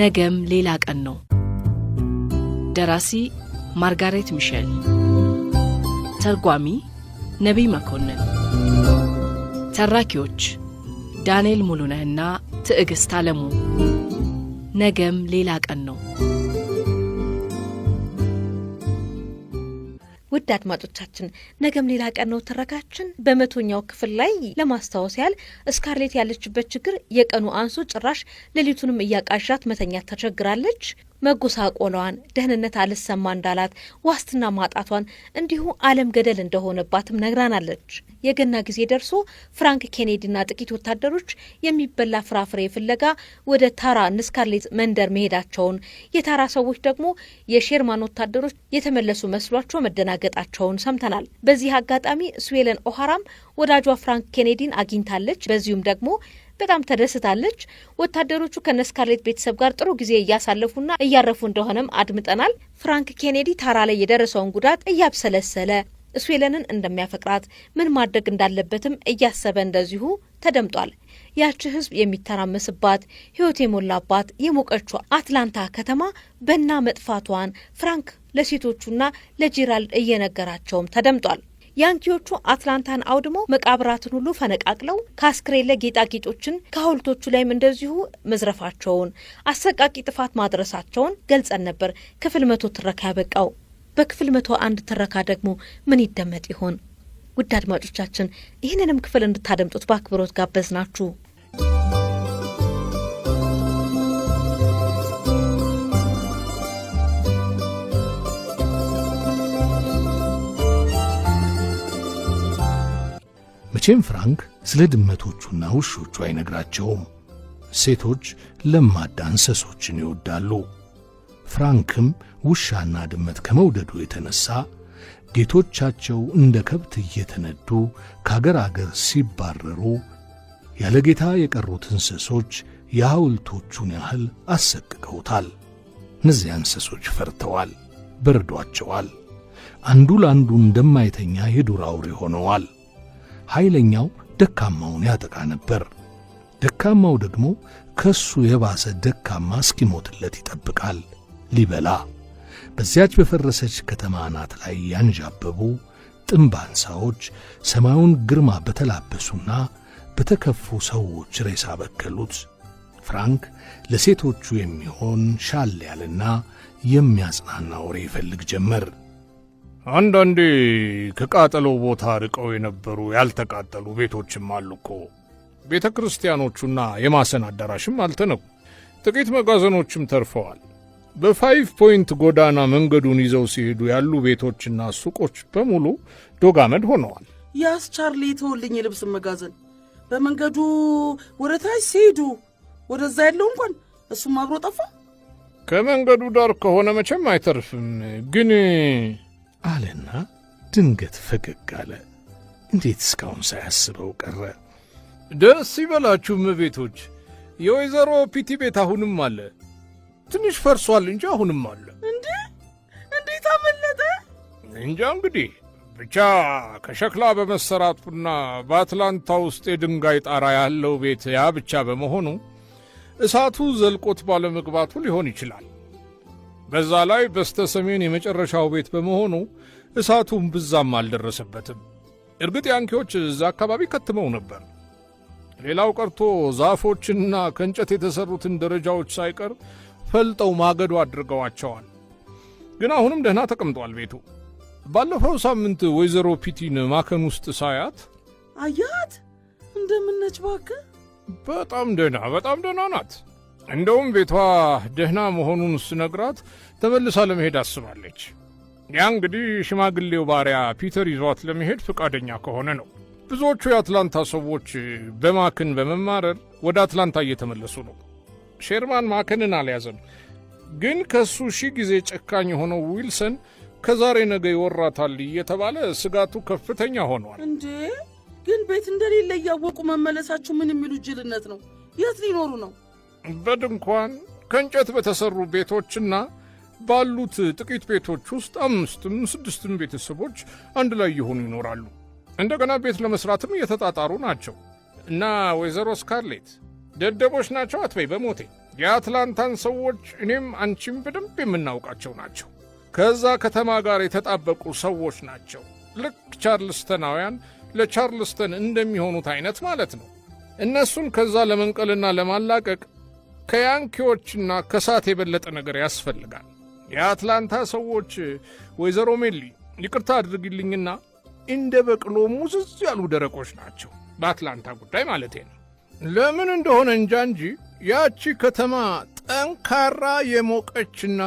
ነገም ሌላ ቀን ነው። ደራሲ ማርጋሬት ሚሸል ተርጓሚ ነቢይ መኮንን፣ ተራኪዎች ዳንኤል ሙሉነህና ትዕግሥት አለሙ። ነገም ሌላ ቀን ነው። ውድ አድማጮቻችን ነገም ሌላ ቀን ነው ትረካችን በመቶኛው ክፍል ላይ ለማስታወስ ያህል ስካርሌት ያለችበት ችግር የቀኑ አንሶ ጭራሽ ሌሊቱንም እያቃዣት መተኛት ተቸግራለች። መጎሳቆሏን፣ ደህንነት አልሰማ እንዳላት፣ ዋስትና ማጣቷን እንዲሁ አለም ገደል እንደሆነባትም ነግራናለች። የገና ጊዜ ደርሶ ፍራንክ ኬኔዲና ጥቂት ወታደሮች የሚበላ ፍራፍሬ ፍለጋ ወደ ታራ ንስካርሌት መንደር መሄዳቸውን የታራ ሰዎች ደግሞ የሼርማን ወታደሮች የተመለሱ መስሏቸው መደናገጣቸውን ሰምተናል። በዚህ አጋጣሚ ስዌለን ኦሃራም ወዳጇ ፍራንክ ኬኔዲን አግኝታለች። በዚሁም ደግሞ በጣም ተደስታለች። ወታደሮቹ ከነስካርሌት ቤተሰብ ጋር ጥሩ ጊዜ እያሳለፉና እያረፉ እንደሆነም አድምጠናል። ፍራንክ ኬኔዲ ታራ ላይ የደረሰውን ጉዳት እያብሰለሰለ ስዌለንን እንደሚያፈቅራት ምን ማድረግ እንዳለበትም እያሰበ እንደዚሁ ተደምጧል። ያቺ ህዝብ የሚተራመስባት ህይወት የሞላባት የሞቀችው አትላንታ ከተማ በና መጥፋቷን ፍራንክ ለሴቶቹና ለጄራልድ እየነገራቸውም ተደምጧል። ያንኪዎቹ አትላንታን አውድሞ መቃብራትን ሁሉ ፈነቃቅለው ከአስክሬን ላይ ጌጣጌጦችን ከሀውልቶቹ ላይም እንደዚሁ መዝረፋቸውን አሰቃቂ ጥፋት ማድረሳቸውን ገልጸን ነበር። ክፍል መቶ ትረካ ያበቃው። በክፍል መቶ አንድ ትረካ ደግሞ ምን ይደመጥ ይሆን? ውድ አድማጮቻችን ይህንንም ክፍል እንድታደምጡት በአክብሮት ጋበዝናችሁ። መቼም ፍራንክ ስለ ድመቶቹና ውሾቹ አይነግራቸውም። ሴቶች ለማዳ እንስሶችን ይወዳሉ። ፍራንክም ውሻና ድመት ከመውደዱ የተነሳ ጌቶቻቸው እንደ ከብት እየተነዱ ከአገር አገር ሲባረሩ ያለ ጌታ የቀሩት እንስሶች የሐውልቶቹን ያህል አሰቅቀውታል። እነዚያ እንስሶች ፈርተዋል፣ በርዷቸዋል። አንዱ ለአንዱ እንደማይተኛ የዱር አውሬ ሆነዋል። ኃይለኛው ደካማውን ያጠቃ ነበር። ደካማው ደግሞ ከሱ የባሰ ደካማ እስኪሞትለት ይጠብቃል ሊበላ። በዚያች በፈረሰች ከተማ አናት ላይ ያንዣበቡ ጥምብ አንሳዎች ሰማዩን ግርማ በተላበሱና በተከፉ ሰዎች ሬሳ በከሉት። ፍራንክ ለሴቶቹ የሚሆን ሻል ያለና የሚያጽናና ወሬ ይፈልግ ጀመር። አንዳንዴ ከቃጠለው ቦታ ርቀው የነበሩ ያልተቃጠሉ ቤቶችም አሉ እኮ። ቤተ ክርስቲያኖቹና የማሰን አዳራሽም አልተነኩ፣ ጥቂት መጋዘኖችም ተርፈዋል። በፋይቭ ፖይንት ጎዳና መንገዱን ይዘው ሲሄዱ ያሉ ቤቶችና ሱቆች በሙሉ ዶጋመድ ሆነዋል። ያስ ቻርሊ ተወልኝ የልብስ መጋዘን በመንገዱ ወደታች ሲሄዱ ወደዛ ያለው እንኳን እሱም አብሮ ጠፋ። ከመንገዱ ዳር ከሆነ መቼም አይተርፍም ግን አለና ድንገት ፈገግ አለ። እንዴት እስካሁን ሳያስበው ቀረ? ደስ ይበላችሁ እመቤቶች፣ የወይዘሮ ፒቲ ቤት አሁንም አለ። ትንሽ ፈርሷል እንጂ አሁንም አለ። እንዴ እንዴት አመለጠ? እንጃ እንግዲህ ብቻ ከሸክላ በመሰራቱና በአትላንታ ውስጥ የድንጋይ ጣራ ያለው ቤት ያ ብቻ በመሆኑ እሳቱ ዘልቆት ባለመግባቱ ሊሆን ይችላል። በዛ ላይ በስተ ሰሜን የመጨረሻው ቤት በመሆኑ እሳቱም ብዛም አልደረሰበትም። እርግጥ ያንኪዎች እዛ አካባቢ ከትመው ነበር። ሌላው ቀርቶ ዛፎችና ከእንጨት የተሠሩትን ደረጃዎች ሳይቀር ፈልጠው ማገዶ አድርገዋቸዋል። ግን አሁንም ደህና ተቀምጧል ቤቱ። ባለፈው ሳምንት ወይዘሮ ፒቲን ማከን ውስጥ ሳያት አያት እንደምነች ባክ፣ በጣም ደህና በጣም ደህና ናት። እንደውም ቤቷ ደህና መሆኑን ስነግራት ተመልሳ ለመሄድ አስባለች። ያ እንግዲህ ሽማግሌው ባሪያ ፒተር ይዟት ለመሄድ ፈቃደኛ ከሆነ ነው። ብዙዎቹ የአትላንታ ሰዎች በማክን በመማረር ወደ አትላንታ እየተመለሱ ነው። ሼርማን ማክንን አልያዘም፣ ግን ከእሱ ሺህ ጊዜ ጨካኝ የሆነው ዊልሰን ከዛሬ ነገ ይወራታል እየተባለ ስጋቱ ከፍተኛ ሆኗል። እንዴ ግን ቤት እንደሌለ እያወቁ መመለሳችሁ ምን የሚሉ ጅልነት ነው! የት ሊኖሩ ነው? በድንኳን ከእንጨት በተሠሩ ቤቶችና ባሉት ጥቂት ቤቶች ውስጥ አምስትም ስድስትም ቤተሰቦች አንድ ላይ የሆኑ ይኖራሉ። እንደገና ቤት ለመሥራትም እየተጣጣሩ ናቸው እና ወይዘሮ ስካርሌት ደደቦች ናቸው አትበይ በሞቴ። የአትላንታን ሰዎች እኔም አንቺም በደንብ የምናውቃቸው ናቸው። ከዛ ከተማ ጋር የተጣበቁ ሰዎች ናቸው። ልክ ቻርልስተናውያን ለቻርልስተን እንደሚሆኑት አይነት ማለት ነው። እነሱን ከዛ ለመንቀልና ለማላቀቅ ከያንኪዎችና ከሳት የበለጠ ነገር ያስፈልጋል። የአትላንታ ሰዎች ወይዘሮ ሜሊ ይቅርታ አድርግልኝና እንደ በቅሎ ሙዝዝ ያሉ ደረቆች ናቸው። በአትላንታ ጉዳይ ማለቴ ነው። ለምን እንደሆነ እንጃ እንጂ ያቺ ከተማ ጠንካራ የሞቀችና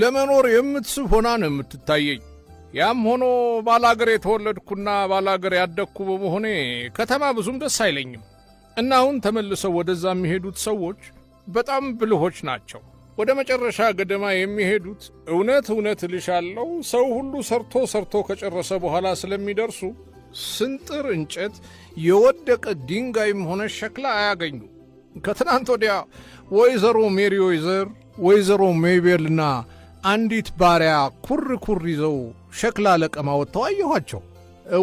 ለመኖር የምትስብ ሆና ነው የምትታየኝ። ያም ሆኖ ባላገር የተወለድኩና ባላገር ያደግኩ በመሆኔ ከተማ ብዙም ደስ አይለኝም እና አሁን ተመልሰው ወደዛ የሚሄዱት ሰዎች በጣም ብልሆች ናቸው። ወደ መጨረሻ ገደማ የሚሄዱት እውነት እውነት እልሻለሁ ሰው ሁሉ ሰርቶ ሰርቶ ከጨረሰ በኋላ ስለሚደርሱ ስንጥር እንጨት፣ የወደቀ ድንጋይም ሆነ ሸክላ አያገኙ። ከትናንት ወዲያ ወይዘሮ ሜሪ ወይዘር ወይዘሮ ሜቤልና አንዲት ባሪያ ኩር ኩር ይዘው ሸክላ ለቀማ ወጥተው አየኋቸው።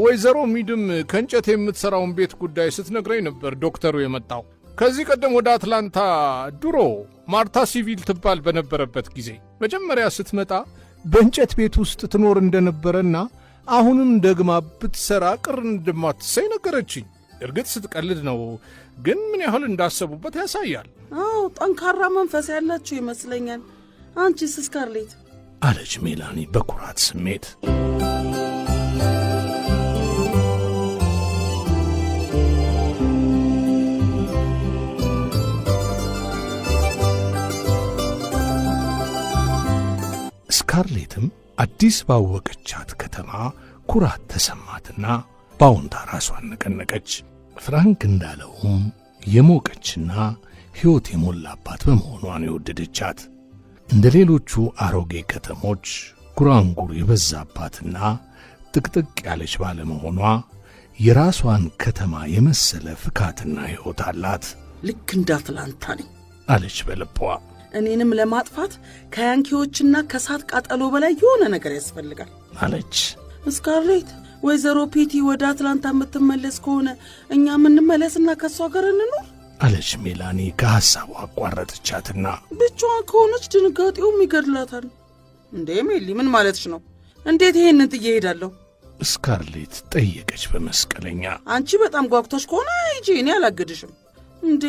ወይዘሮ ሚድም ከእንጨት የምትሠራውን ቤት ጉዳይ ስትነግረኝ ነበር ዶክተሩ የመጣው። ከዚህ ቀደም ወደ አትላንታ ድሮ ማርታ ሲቪል ትባል በነበረበት ጊዜ መጀመሪያ ስትመጣ በእንጨት ቤት ውስጥ ትኖር እንደነበረና አሁንም ደግማ ብትሠራ ቅር እንደማትሰኝ ነገረችኝ። እርግጥ ስትቀልድ ነው፣ ግን ምን ያህል እንዳሰቡበት ያሳያል። አዎ ጠንካራ መንፈስ ያላችሁ ይመስለኛል። አንቺስ ስካርሌት? አለች ሜላኒ በኩራት ስሜት ስካርሌትም አዲስ ባወቀቻት ከተማ ኩራት ተሰማትና ባውንታ ራሷን ነቀነቀች። ፍራንክ እንዳለውም የሞቀችና ሕይወት የሞላባት በመሆኗን የወደደቻት እንደ ሌሎቹ አሮጌ ከተሞች ጉራንጉር የበዛባትና ጥቅጥቅ ያለች ባለመሆኗ የራሷን ከተማ የመሰለ ፍካትና ሕይወት አላት። ልክ እንደ አትላንታ ነኝ አለች በልቧ። እኔንም ለማጥፋት ከያንኪዎችና ከሳት ቃጠሎ በላይ የሆነ ነገር ያስፈልጋል አለች ስካርሌት። ወይዘሮ ፔቲ ወደ አትላንታ የምትመለስ ከሆነ እኛ የምንመለስና ከእሷ ጋር እንኖር አለች ሜላኒ ከሐሳቡ አቋረጠቻትና፣ ብቻዋን ከሆነች ድንጋጤውም ይገድላታል። እንዴ ሜሊ፣ ምን ማለትሽ ነው? እንዴት ይሄንን ጥዬ እስካርሌት ስካርሌት ጠየቀች በመስቀለኛ። አንቺ በጣም ጓጉተሽ ከሆነ ሂጂ፣ እኔ አላግድሽም። እንዴ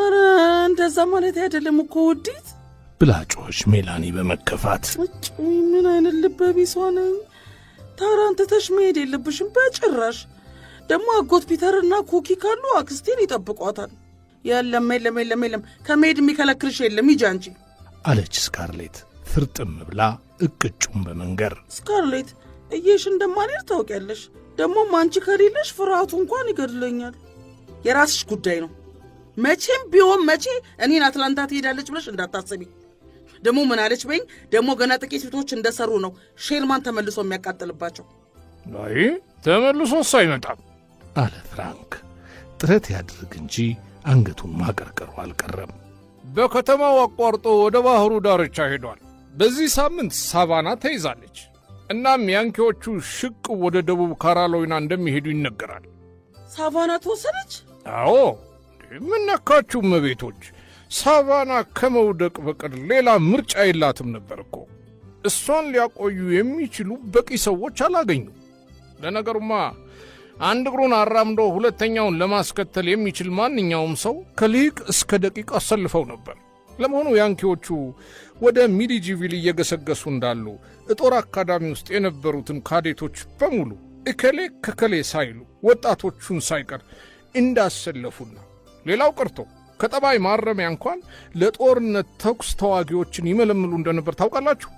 አረ እንደዛ ማለት አይደለም እኮ ውዲት ብላ ጮኸች ሜላኒ በመከፋት። ምን አይነት ቢስ ሆነኝ። ታራን ትተሽ መሄድ የለብሽም በጭራሽ። ደግሞ አጎት ፒተርና ኩኪ ካሉ አክስቴን ይጠብቋታል። የለም የለም የለም የለም፣ ከመሄድ የሚከለክልሽ የለም፣ ሂጂ አንቺ አለች ስካርሌት ፍርጥም ብላ እቅጩን በመንገር። ስካርሌት እየሽ እንደማልሄድ ታውቂያለሽ። ደግሞም አንቺ ከሌለሽ ፍርሃቱ እንኳን ይገድለኛል። የራስሽ ጉዳይ ነው መቼም ቢሆን መቼ እኔን አትላንታ ትሄዳለች ብለሽ እንዳታስቢ። ደግሞ ምን አለች በኝ ደግሞ ገና ጥቂት ሴቶች እንደሰሩ ነው ሼልማን ተመልሶ የሚያቃጥልባቸው። አይ ተመልሶስ አይመጣም አለ ፍራንክ። ጥረት ያድርግ እንጂ አንገቱን ማቀርቀሩ አልቀረም። በከተማው አቋርጦ ወደ ባህሩ ዳርቻ ሄዷል። በዚህ ሳምንት ሳቫና ተይዛለች። እናም ያንኪዎቹ ሽቅ ወደ ደቡብ ካራሎይና እንደሚሄዱ ይነገራል። ሳቫና ተወሰነች? አዎ ምነካችሁ እመቤቶች፣ ሳቫና ከመውደቅ በቀር ሌላ ምርጫ የላትም ነበር እኮ። እሷን ሊያቆዩ የሚችሉ በቂ ሰዎች አላገኙ። ለነገሩማ አንድ እግሩን አራምዶ ሁለተኛውን ለማስከተል የሚችል ማንኛውም ሰው ከሊቅ እስከ ደቂቅ አሰልፈው ነበር። ለመሆኑ ያንኪዎቹ ወደ ሚሊጂቪል እየገሰገሱ እንዳሉ እጦር አካዳሚ ውስጥ የነበሩትን ካዴቶች በሙሉ እከሌ ከከሌ ሳይሉ ወጣቶቹን ሳይቀር እንዳሰለፉና ሌላው ቀርቶ ከጠባይ ማረሚያ እንኳን ለጦርነት ተኩስ ተዋጊዎችን ይመለምሉ እንደነበር ታውቃላችሁ?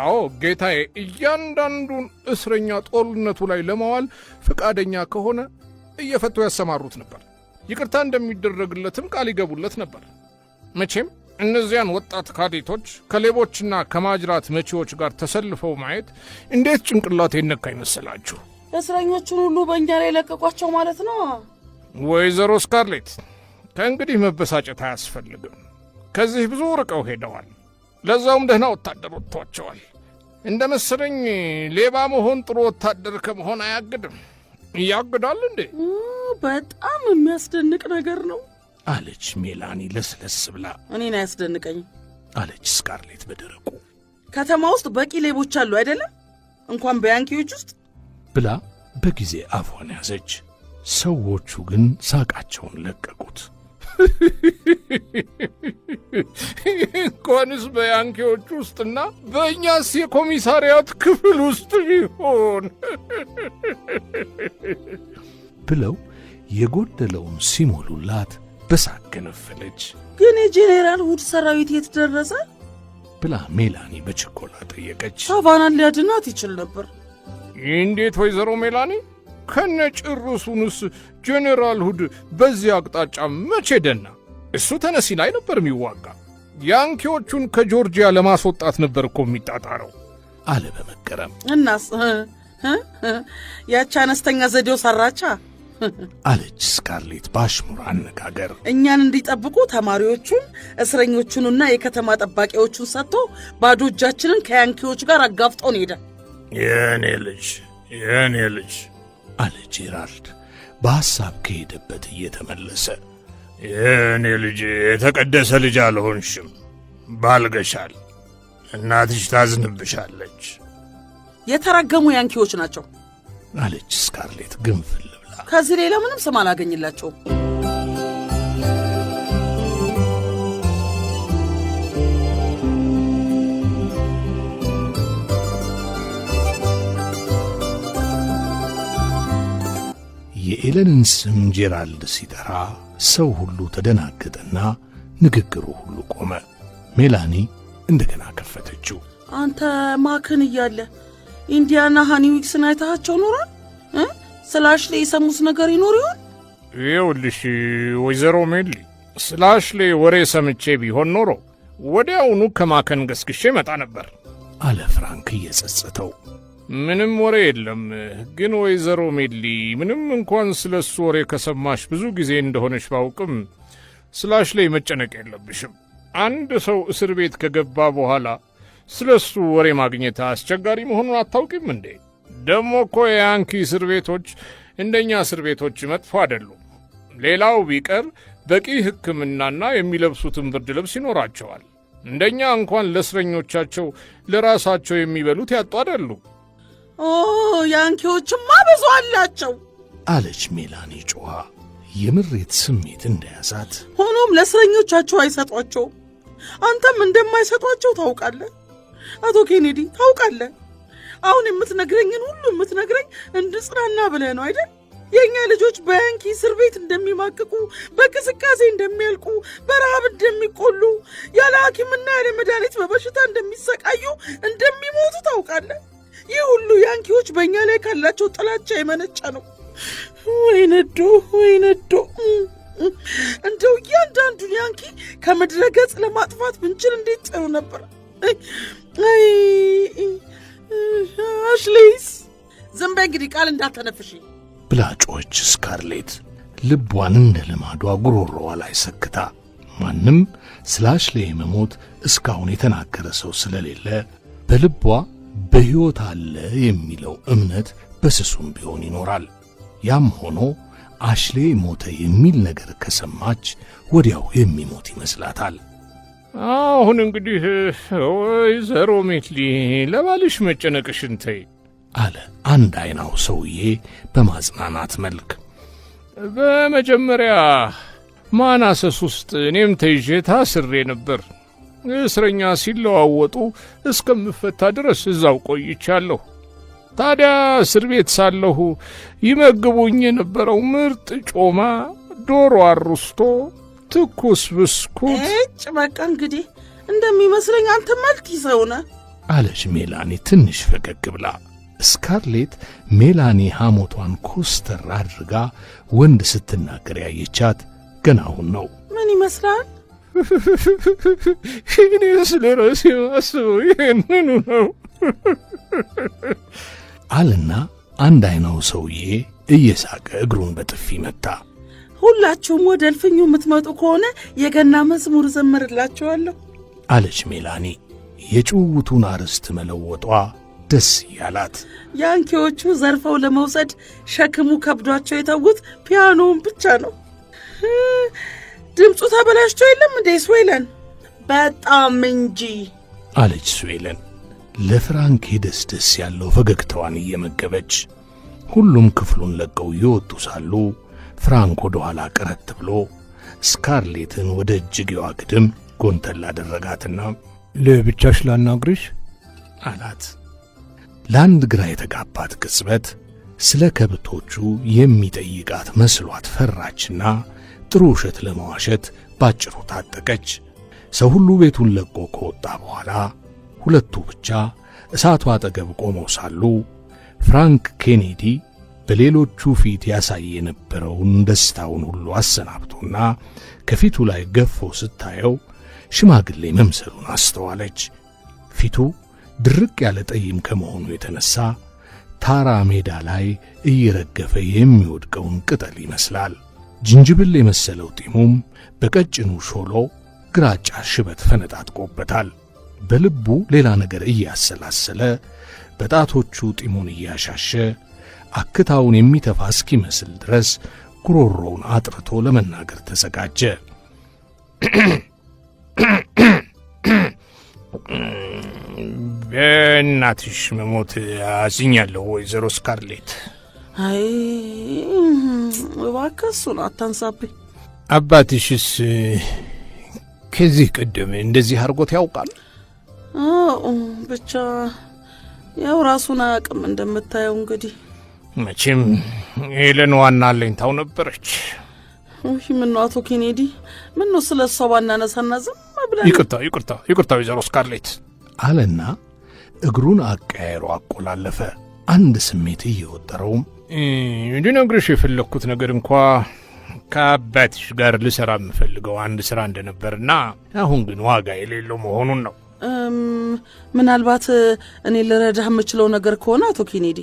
አዎ ጌታዬ፣ እያንዳንዱን እስረኛ ጦርነቱ ላይ ለማዋል ፍቃደኛ ከሆነ እየፈቱ ያሰማሩት ነበር። ይቅርታ እንደሚደረግለትም ቃል ይገቡለት ነበር። መቼም እነዚያን ወጣት ካዴቶች ከሌቦችና ከማጅራት መቼዎች ጋር ተሰልፈው ማየት እንዴት ጭንቅላት የነካ ይመስላችሁ? እስረኞቹን ሁሉ በእኛ ላይ ለቀቋቸው ማለት ነው። ወይዘሮ ስካርሌት ከእንግዲህ መበሳጨት አያስፈልግም። ከዚህ ብዙ ርቀው ሄደዋል። ለዛውም ደህና ወታደር ወጥቷቸዋል። እንደ መሰለኝ ሌባ መሆን ጥሩ ወታደር ከመሆን አያግድም። እያግዳል እንዴ? በጣም የሚያስደንቅ ነገር ነው አለች ሜላኒ ለስለስ ብላ። እኔን አያስደንቀኝ አለች ስካርሌት በደረቁ። ከተማ ውስጥ በቂ ሌቦች አሉ አይደለም፣ እንኳን በያንኪዎች ውስጥ ብላ በጊዜ አፏን ያዘች። ሰዎቹ ግን ሳቃቸውን ለቀቁት። እንኳንስ በያንኪዎች ውስጥና በእኛስ የኮሚሳሪያት ክፍል ውስጥ ይሆን ብለው የጎደለውን ሲሞሉላት በሳቅ ገነፈለች። ግን የጄኔራል ሁድ ሰራዊት የት ደረሰ ብላ ሜላኒ በችኮላ ጠየቀች። ሳቫናን ሊያድናት ይችል ነበር። እንዴት ወይዘሮ ሜላኒ ከነጭራሹንስ ጄኔራል ሁድ በዚህ አቅጣጫ መቼ ደና? እሱ ተነሲ ላይ ነበር የሚዋጋ። ያንኪዎቹን ከጆርጂያ ለማስወጣት ነበር እኮ የሚጣጣረው አለ በመገረም። እናስ ያቺ አነስተኛ ዘዴው ሰራቻ አለች ስካርሌት በአሽሙር አነጋገር። እኛን እንዲጠብቁ ተማሪዎቹን፣ እስረኞቹንና የከተማ ጠባቂዎቹን ሰጥቶ ባዶ እጃችንን ከያንኪዎች ጋር አጋፍጦን ሄደ። የእኔ ልጅ የእኔ ልጅ አለ ጄራልድ በሐሳብ ከሄደበት እየተመለሰ። የእኔ ልጅ የተቀደሰ ልጅ አልሆንሽም፣ ባልገሻል። እናትሽ ታዝንብሻለች። የተረገሙ ያንኪዎች ናቸው አለች ስካርሌት ግንፍል ብላ። ከዚህ ሌላ ምንም ስም አላገኝላቸውም። የኤለንን ስም ጄራልድ ሲጠራ ሰው ሁሉ ተደናገጠና ንግግሩ ሁሉ ቆመ። ሜላኒ እንደገና ከፈተችው። አንተ ማክን እያለ ኢንዲያና ሃኒዊክስን አይታቸው ኖራል? ስላሽ ላይ የሰሙት ነገር ይኖር ይሆን? ይኸውልሽ ወይዘሮ ሜሊ ስላሽ ላይ ወሬ ሰምቼ ቢሆን ኖሮ ወዲያውኑ ከማከን ገስግሼ መጣ ነበር አለ ፍራንክ እየጸጸተው። ምንም ወሬ የለም። ግን ወይዘሮ ሜሊ ምንም እንኳን ስለ እሱ ወሬ ከሰማሽ ብዙ ጊዜ እንደሆነች ባውቅም ስላሽ ላይ መጨነቅ የለብሽም። አንድ ሰው እስር ቤት ከገባ በኋላ ስለ እሱ ወሬ ማግኘት አስቸጋሪ መሆኑን አታውቂም እንዴ? ደሞ እኮ የያንኪ እስር ቤቶች እንደኛ እስር ቤቶች መጥፎ አይደሉም። ሌላው ቢቀር በቂ ሕክምናና የሚለብሱትን ብርድ ልብስ ይኖራቸዋል። እንደኛ እንኳን ለእስረኞቻቸው ለራሳቸው የሚበሉት ያጡ አይደሉም። ኦ ያንኪዎችማ ብዙ አላቸው አለች ሜላኒ ጮኋ፣ የምሬት ስሜት እንደያዛት። ሆኖም ለእስረኞቻቸው አይሰጧቸው። አንተም እንደማይሰጧቸው ታውቃለህ አቶ ኬኔዲ፣ ታውቃለህ። አሁን የምትነግረኝን ሁሉ የምትነግረኝ እንድጽናና ብለህ ነው አይደል? የእኛ ልጆች በያንኪ እስር ቤት እንደሚማቅቁ፣ በቅስቃሴ እንደሚያልቁ፣ በረሃብ እንደሚቆ ካላቸው ጥላቻ የመነጨ ነው። ወይ ነዶ፣ ወይ ነዶ። እንደው እያንዳንዱን ያንኪ ከምድረ ገጽ ለማጥፋት ብንችል እንዴት ጥሩ ነበር። አሽሌይስ ዝም በይ እንግዲህ ቃል እንዳተነፍሽ ብላጮች ስካርሌት ልቧን እንደ ልማዷ ጉሮሮዋ ላይ ሰክታ ማንም ስለ አሽሌ መሞት እስካሁን የተናገረ ሰው ስለሌለ በልቧ በሕይወት አለ የሚለው እምነት በስሱም ቢሆን ይኖራል። ያም ሆኖ አሽሌ ሞተ የሚል ነገር ከሰማች ወዲያው የሚሞት ይመስላታል። አሁን እንግዲህ ወይዘሮ ሜትሊ ለባልሽ መጨነቅሽን ተይ አለ አንድ ዐይናው ሰውዬ በማጽናናት መልክ። በመጀመሪያ ማናሰስ ውስጥ እኔም ተይዤ ታስሬ ነበር። እስረኛ ሲለዋወጡ እስከምፈታ ድረስ እዛው ቆይቻለሁ። ታዲያ እስር ቤት ሳለሁ ይመግቡኝ የነበረው ምርጥ ጮማ፣ ዶሮ አሩስቶ፣ ትኩስ ብስኩት እጭ በቃ እንግዲህ እንደሚመስለኝ አንተ ማልት ይዘውነ አለች ሜላኒ ትንሽ ፈገግ ብላ። ስካርሌት ሜላኒ ሐሞቷን ኮስተር አድርጋ ወንድ ስትናገር ያየቻት ገና አሁን ነው። ምን ይመስላል? ማስበው ይህንኑ ነው አልና አንድ አይነው ሰውዬ እየሳቀ እግሩን በጥፊ መታ። ሁላችሁም ወደ እልፍኙ የምትመጡ ከሆነ የገና መዝሙር ዘምርላችኋለሁ አለች ሜላኒ። የጭውውቱን አርዕስት መለወጧ ደስ እያላት ያንኪዎቹ ዘርፈው ለመውሰድ ሸክሙ ከብዷቸው የተዉት ፒያኖውን ብቻ ነው። ድምፁ ተበላሽቶ የለም እንዴ ስዌለን? በጣም እንጂ አለች ስዌለን ለፍራንክ ደስ ደስ ያለው ፈገግታዋን እየመገበች። ሁሉም ክፍሉን ለቀው እየወጡ ሳሉ ፍራንክ ወደ ኋላ ቀረት ብሎ ስካርሌትን ወደ እጅጌዋ ግድም ጎንተል አደረጋትና ለብቻሽ ላናግርሽ አላት። ለአንድ ግራ የተጋባት ቅጽበት ስለ ከብቶቹ የሚጠይቃት መስሏት ፈራችና ጥሩ ውሸት ለመዋሸት ባጭሩ ታጠቀች። ሰው ሁሉ ቤቱን ለቆ ከወጣ በኋላ ሁለቱ ብቻ እሳቱ አጠገብ ቆመው ሳሉ ፍራንክ ኬኔዲ በሌሎቹ ፊት ያሳይ የነበረውን ደስታውን ሁሉ አሰናብቶና ከፊቱ ላይ ገፎ ስታየው ሽማግሌ መምሰሉን አስተዋለች። ፊቱ ድርቅ ያለ ጠይም ከመሆኑ የተነሳ ታራ ሜዳ ላይ እየረገፈ የሚወድቀውን ቅጠል ይመስላል። ጅንጅብል የመሰለው ጢሙም በቀጭኑ ሾሎ ግራጫ ሽበት ፈነጣጥቆበታል። በልቡ ሌላ ነገር እያሰላሰለ በጣቶቹ ጢሙን እያሻሸ አክታውን የሚተፋ እስኪመስል ድረስ ጉሮሮውን አጥርቶ ለመናገር ተዘጋጀ። በእናትሽ መሞት አዝኛለሁ ወይዘሮ ስካርሌት አይ እባክህ እሱን አታንሳብኝ። አባትሽስ ከዚህ ቀደም እንደዚህ አድርጎት ያውቃል? አዎ ብቻ ያው ራሱን አያውቅም። እንደምታየው እንግዲህ መቼም ኤለን ዋና አለኝታው ነበረች። ምን ነው አቶ ኬኔዲ ምን ነው ስለ እሷ ባናነሳና ዝም ብለን። ይቅርታ ይቅርታ ይቅርታ ወይዘሮ ስካርሌት አለና እግሩን አቀያይሮ አቆላለፈ። አንድ ስሜት እየወጠረውም እንድነግርሽ የፈለግኩት ነገር እንኳ ከአባትሽ ጋር ልሰራ የምፈልገው አንድ ስራ እንደነበርና አሁን ግን ዋጋ የሌለው መሆኑን ነው። ምናልባት እኔ ልረዳህ የምችለው ነገር ከሆነ አቶ ኬኔዲ፣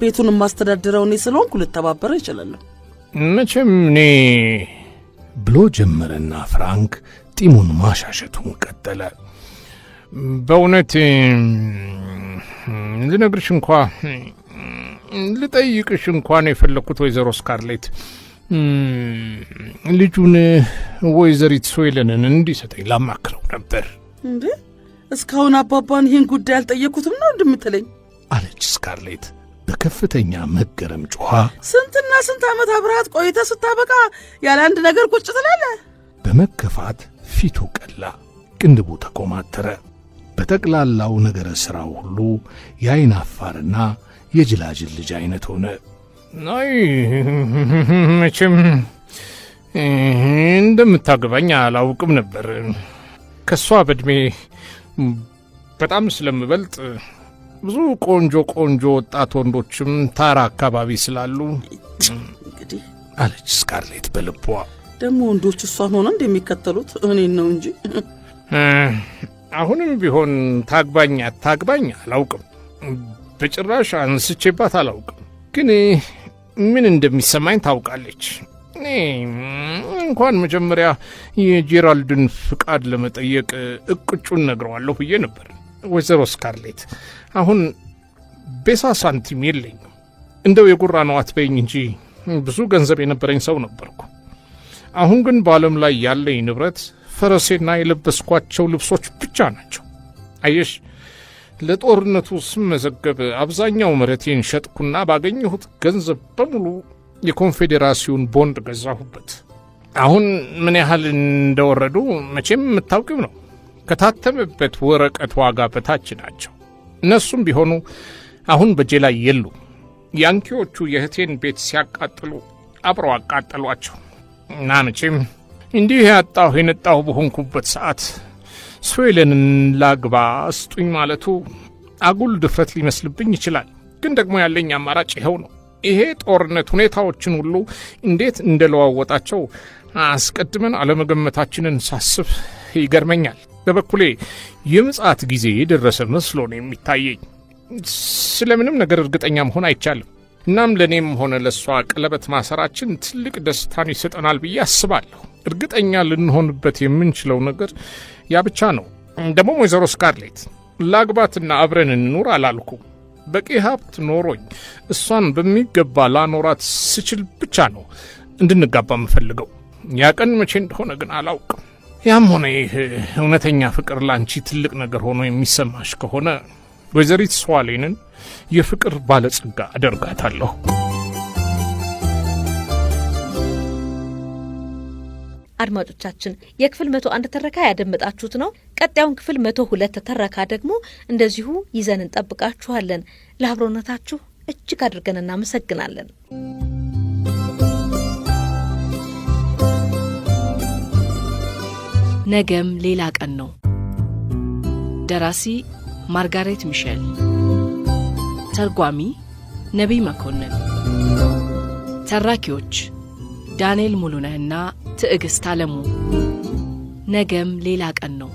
ቤቱን የማስተዳድረው እኔ ስለሆንኩ ልተባበረ ይችላለሁ። መቼም እኔ ብሎ ጀመረና ፍራንክ ጢሙን ማሻሸቱን ቀጠለ። በእውነት ልነግርሽ እንኳ ልጠይቅሽ እንኳን የፈለግኩት ወይዘሮ ስካርሌት ልጁን ወይዘሪት ሶይለንን እንዲሰጠኝ ላማክረው ነበር። እንዴ እስካሁን አባባን ይህን ጉዳይ አልጠየቅኩትም ነው እንድምትለኝ? አለች ስካርሌት በከፍተኛ መገረም ጮኋ። ስንትና ስንት ዓመት አብረሃት ቆይተ ስታበቃ ያለ አንድ ነገር ቁጭ ትላለህ። በመከፋት ፊቱ ቀላ፣ ቅንድቡ ተኮማተረ። በጠቅላላው ነገረ ሥራው ሁሉ የአይን አፋርና የጅላጅል ልጅ አይነት ሆነ። አይ መቼም እንደምታገባኝ አላውቅም ነበር። ከእሷ በእድሜ በጣም ስለምበልጥ ብዙ ቆንጆ ቆንጆ ወጣት ወንዶችም ታራ አካባቢ ስላሉ እንግዲህ አለች ስካርሌት በልቧ። ደግሞ ወንዶች እሷን ሆነ እንደሚከተሉት እኔን ነው እንጂ አሁንም ቢሆን ታግባኝ አታግባኝ አላውቅም በጭራሽ አንስቼባት አላውቅም። ግን ምን እንደሚሰማኝ ታውቃለች። እኔ እንኳን መጀመሪያ የጄራልድን ፍቃድ ለመጠየቅ እቅጩን ነግረዋለሁ ብዬ ነበር። ወይዘሮ ስካርሌት፣ አሁን ቤሳ ሳንቲም የለኝም። እንደው የጉራ ነው አትበይኝ እንጂ ብዙ ገንዘብ የነበረኝ ሰው ነበርኩ። አሁን ግን በዓለም ላይ ያለኝ ንብረት ፈረሴና የለበስኳቸው ልብሶች ብቻ ናቸው። አየሽ ለጦርነቱ ስመዘገብ አብዛኛው መሬቴን ሸጥኩና ባገኘሁት ገንዘብ በሙሉ የኮንፌዴራሲውን ቦንድ ገዛሁበት። አሁን ምን ያህል እንደወረዱ መቼም የምታውቂው ነው። ከታተመበት ወረቀት ዋጋ በታች ናቸው። እነሱም ቢሆኑ አሁን በጄ ላይ የሉ። ያንኪዎቹ የእህቴን ቤት ሲያቃጥሉ አብረው አቃጠሏቸው እና መቼም እንዲህ ያጣሁ የነጣሁ በሆንኩበት ሰዓት ስዌለንን ላግባ እስጡኝ ማለቱ አጉል ድፍረት ሊመስልብኝ ይችላል። ግን ደግሞ ያለኝ አማራጭ ይኸው ነው። ይሄ ጦርነት ሁኔታዎችን ሁሉ እንዴት እንደለዋወጣቸው አስቀድመን አለመገመታችንን ሳስብ ይገርመኛል። በበኩሌ የምጽአት ጊዜ የደረሰ መስሎ ነው የሚታየኝ። ስለምንም ነገር እርግጠኛ መሆን አይቻልም። እናም ለእኔም ሆነ ለእሷ ቀለበት ማሰራችን ትልቅ ደስታን ይሰጠናል ብዬ አስባለሁ። እርግጠኛ ልንሆንበት የምንችለው ነገር ያ ብቻ ነው። ደግሞ ወይዘሮ ስካርሌት ላግባትና አብረን እንኑር አላልኩም። በቂ ሀብት ኖሮኝ እሷን በሚገባ ላኖራት ስችል ብቻ ነው እንድንጋባ የምፈልገው። ያ ቀን መቼ እንደሆነ ግን አላውቅም። ያም ሆነ ይህ እውነተኛ ፍቅር ላንቺ ትልቅ ነገር ሆኖ የሚሰማሽ ከሆነ ወይዘሪት ስዋሌንን የፍቅር ባለጸጋ አደርጋታለሁ። አድማጮቻችን የክፍል መቶ አንድ ትረካ ያደመጣችሁት ነው። ቀጣዩን ክፍል መቶ ሁለት ትረካ ደግሞ እንደዚሁ ይዘን እንጠብቃችኋለን። ለአብሮነታችሁ እጅግ አድርገን እናመሰግናለን። ነገም ሌላ ቀን ነው። ደራሲ ማርጋሬት ሚሸል ተርጓሚ ነቢይ መኮንን፣ ተራኪዎች ዳንኤል ሙሉነህና ትዕግስት አለሙ። ነገም ሌላ ቀን ነው።